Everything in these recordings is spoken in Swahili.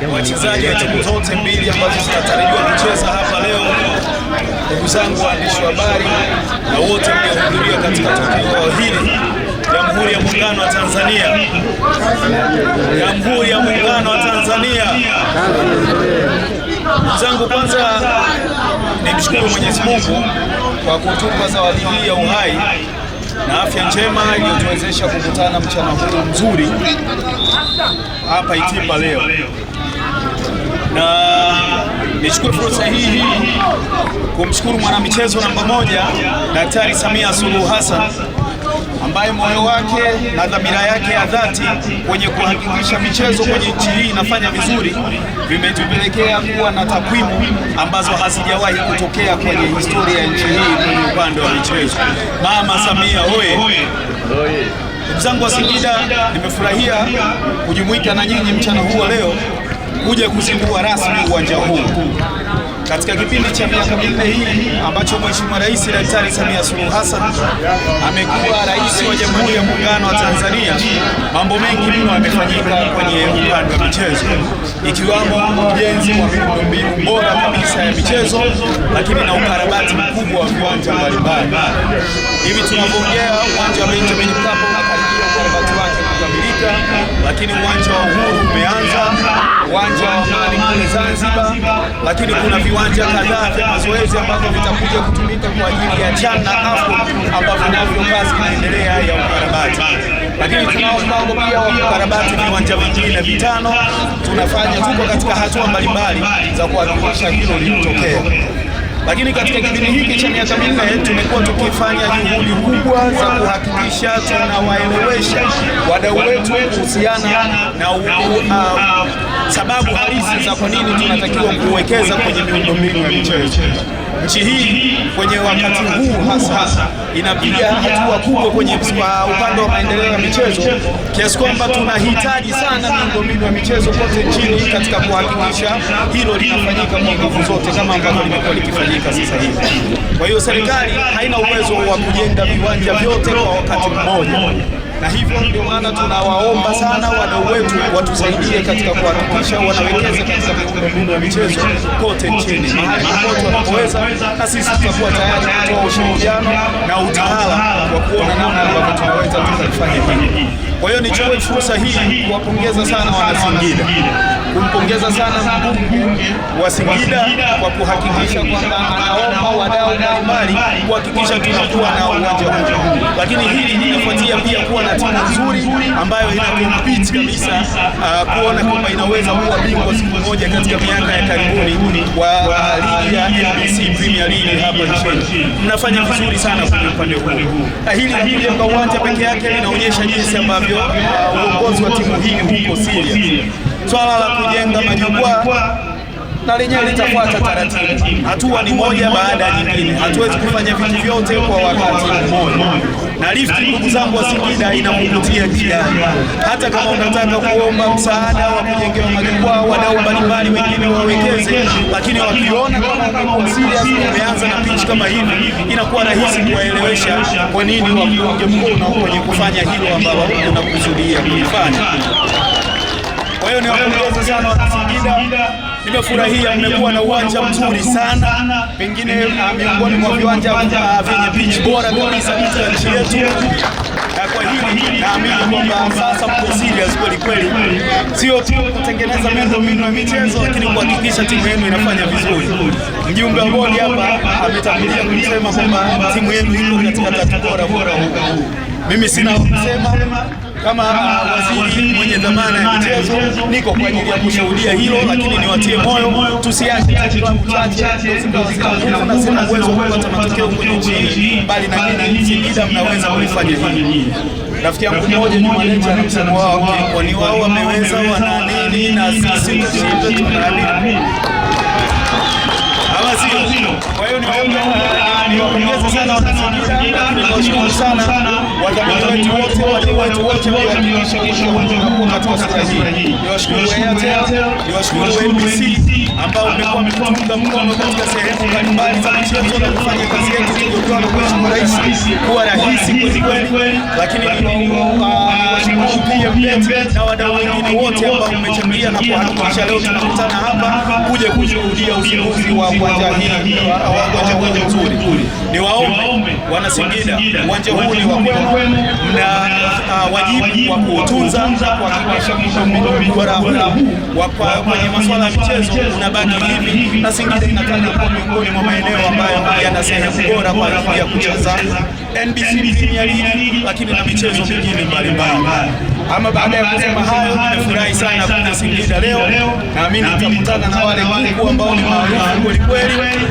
ndugu wachezaji wa timu zote mbili ambazo zinatarajiwa kucheza hapa leo, ndugu zangu waandishi wa habari na wote mliohudhuria katika tukio hili, Jamhuri ya Muungano wa Tanzania, Jamhuri ya Muungano wa Tanzania. Ndugu zangu, kwanza Nimshukuru Mwenyezi Mungu kwa kutupa zawadi hii ya uhai na afya njema iliyotuwezesha kukutana mchana huu mzuri hapa Itimba leo, na nichukue fursa hii hii kumshukuru mwanamichezo namba moja Daktari Samia Suluhu Hassan ambaye moyo wake na dhamira yake ya dhati kwenye kuhakikisha michezo kwenye nchi hii inafanya vizuri vimetupelekea kuwa na takwimu ambazo hazijawahi kutokea kwenye historia ya nchi hii kwenye upande wa michezo. Mama Samia hoye! Ndugu zangu wa Singida, nimefurahia kujumuika na nyinyi mchana huu wa leo kuja kuzindua rasmi uwanja huu katika kipindi cha miaka minne hii ambacho Mheshimiwa Rais Daktari Samia Suluhu Hassan amekuwa rais wa Jamhuri ya Muungano wa Tanzania, mambo mengi mno yamefanyika kwenye upande wa michezo, ikiwamo ujenzi wa miundombinu bora kabisa ya michezo, lakini na ukarabati mkubwa wa viwanja mbalimbali. Hivi tunavyoongea uwanja wa Benjamin Mkapa lakini uwanja wa Uhuru umeanza, uwanja wa Amani kule Zanzibar, lakini kuna viwanja kadhaa vya mazoezi ambavyo vitakuja kutumika kwa ajili ya CHAN na AFCON ambavyo navyo kazi inaendelea ya ukarabati. Lakini tunao mpango pia wa kukarabati viwanja vingine vitano. Tunafanya, tuko katika hatua mbalimbali za kuhakikisha hilo lilitokea. Lakini katika kipindi hiki cha miaka minne tumekuwa tukifanya juhudi kubwa za kuhakikisha tunawaelewesha wadau wetu kuhusiana na u, uh, sababu halisi za kwa nini tunatakiwa kuwekeza kwenye miundombinu ya michezo nchi hii kwenye wakati huu hasa inapiga hatua kubwa kwenye upande wa maendeleo ya michezo kiasi kwamba tunahitaji sana miundombinu ya michezo kote nchini katika kuhakikisha hilo linafanyika kwa nguvu zote kama ambavyo limekuwa likifanyika sasa hivi. Kwa hiyo serikali haina uwezo wa kujenga viwanja vyote kwa wakati mmoja na hivyo ndio maana tunawaomba sana wadau wetu watusaidie katika kuhakikisha wanawekeza katika miundombinu ya michezo kote nchini mahali popote kuongoza, na sisi tutakuwa tayari kutoa ushirikiano na utawala wa kuona namna ambavyo tunaweza kufanya hivi. Kwa hiyo nichukue fursa hii kuwapongeza sana Wanasingida kumpongeza sana mkuu wa Singida kwa kuhakikisha kwamba anaomba wadau mbalimbali kuhakikisha tunakuwa na uwanja huu, lakini hili linafuatia pia kuwa na timu nzuri ambayo inakompiti kabisa uh, kuona kwamba inaweza kuwa bingwa siku moja katika miaka ya karibuni wa uh, ligi ya NBC Premier League hapa nchini. Mnafanya vizuri sana kwenye upande huu. Hili kujenga uwanja peke yake linaonyesha jinsi ambavyo uh, uongozi wa timu hii huko Syria swala la kujenga majukwaa na lenyewe litafuata taratibu. Hatua ni moja baada ya nyingine, hatuwezi kufanya vitu vyote kwa wakati mmoja. Na lifti, ndugu zangu wa Singida, inakuvutia jirani. Hata kama unataka kuomba msaada wa kujengewa majukwaa, wadau mbalimbali wengine wawekeze, lakini wakiona kama na pitch kama hivi, inakuwa rahisi kuwaelewesha kwa nini waunge mkono kwenye kufanya hilo ambalo unakusudia kulifanya hiyo wapongeza sana Singida. nimefurahia mmekuwa na uwanja mzuri sana, pengine ah, miongoni mwa viwanja ah, vyenye pitch bora kabisa katika nchi yetu. Na kwa hili naamini kwamba sasa mko serious kweli kweli, sio tu kutengeneza miundombinu ya michezo, lakini kuhakikisha timu yenu inafanya vizuri. Mjumbe wa bodi hapa ametangulia kusema kwamba timu yenu iko katika tatu bora bora huko. Mimi sina kusema kama waziri mwenye dhamana ya michezo niko kwa ajili ya kushuhudia hilo, lakini niwatie moyo, tusiache klabu chache na sina uwezo wa kupata matokeo kwenye nchi, bali na nyinyi Singida mnaweza kufanya hili. Rafiki yangu mmoja ni maneja na msimu wao, kwani wao wameweza, wana nini na sisi tusipe tunaamini ambao mmekuwa mkiunga mkono katika sehemu mbalimbali za michezo na kufanya kazi yetu kuwa rahisi kweli kweli, lakini na na wengine wote ambao mmechangia na kuhakikisha leo tunakutana hapa kuja kushuhudia uzinduzi wa uwanja hii wa uwanja huu mzuri. Niwaombe wana Singida, uwanja huu ni wa kwenu wajibu wa kuutunza kwa kuhakikisha miundombinu bora huu kwenye masuala ya michezo unabaki hivi, na Singida inataja kuwa miongoni mwa maeneo ambayo yana sehemu bora kwa ajili ya kucheza NBC Premier League, lakini na michezo mingine mbalimbali. Ama baada ya kusema hayo, nimefurahi sana kuja Singida leo. Naamini nitakutana na wale wale ambao ni maarufu kweli kweli,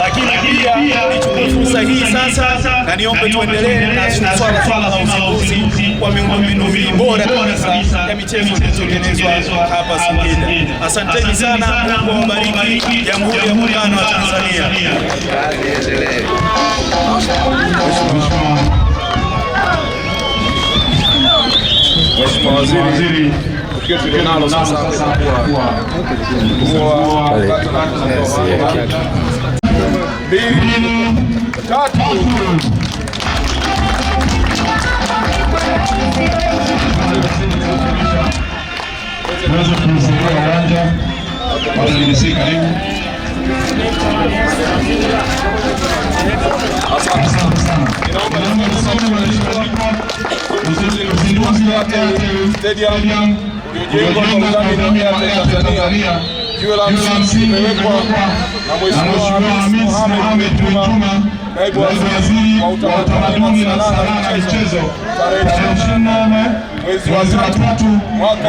lakini Nichukue fursa hii sasa na niombe tuendelee na swala swala la uzinduzi wa miundombinu hii bora kabisa ya michezo inayotengenezwa hapa Singida. Asanteni sana, Mungu awabariki Jamhuri ya Muungano wa Tanzania. Mheshimiwa Waziri, tulionalo sasa kwa kuwa mbili, tatu. Naweza kumzunguka uwanja, watu karibu. Asante sana. Ninaomba nisome uzinduzi wa Stadium uliojengwa kwa undani na Tanzania jiwe la msingi limewekwa na Mheshimiwa Hamis Mohamed Juma, naibu waziri wa utamaduni na sanaa michezo, tarehe 28 mwezi wa 3 mwaka